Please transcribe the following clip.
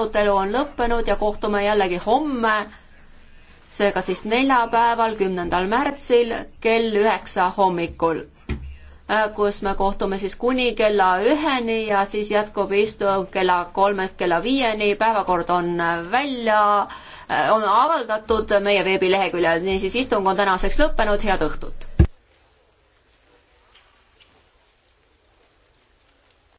arutelu on lõppenud ja kohtume jällegi homme, seega siis neljapäeval, kümnendal märtsil kell üheksa hommikul, äh, kus me kohtume siis kuni kella üheni ja siis jätkub istung kella kolmest kella viieni, päevakord on välja, äh, on avaldatud meie veebileheküljel, niisiis istung on tänaseks lõppenud, head õhtut!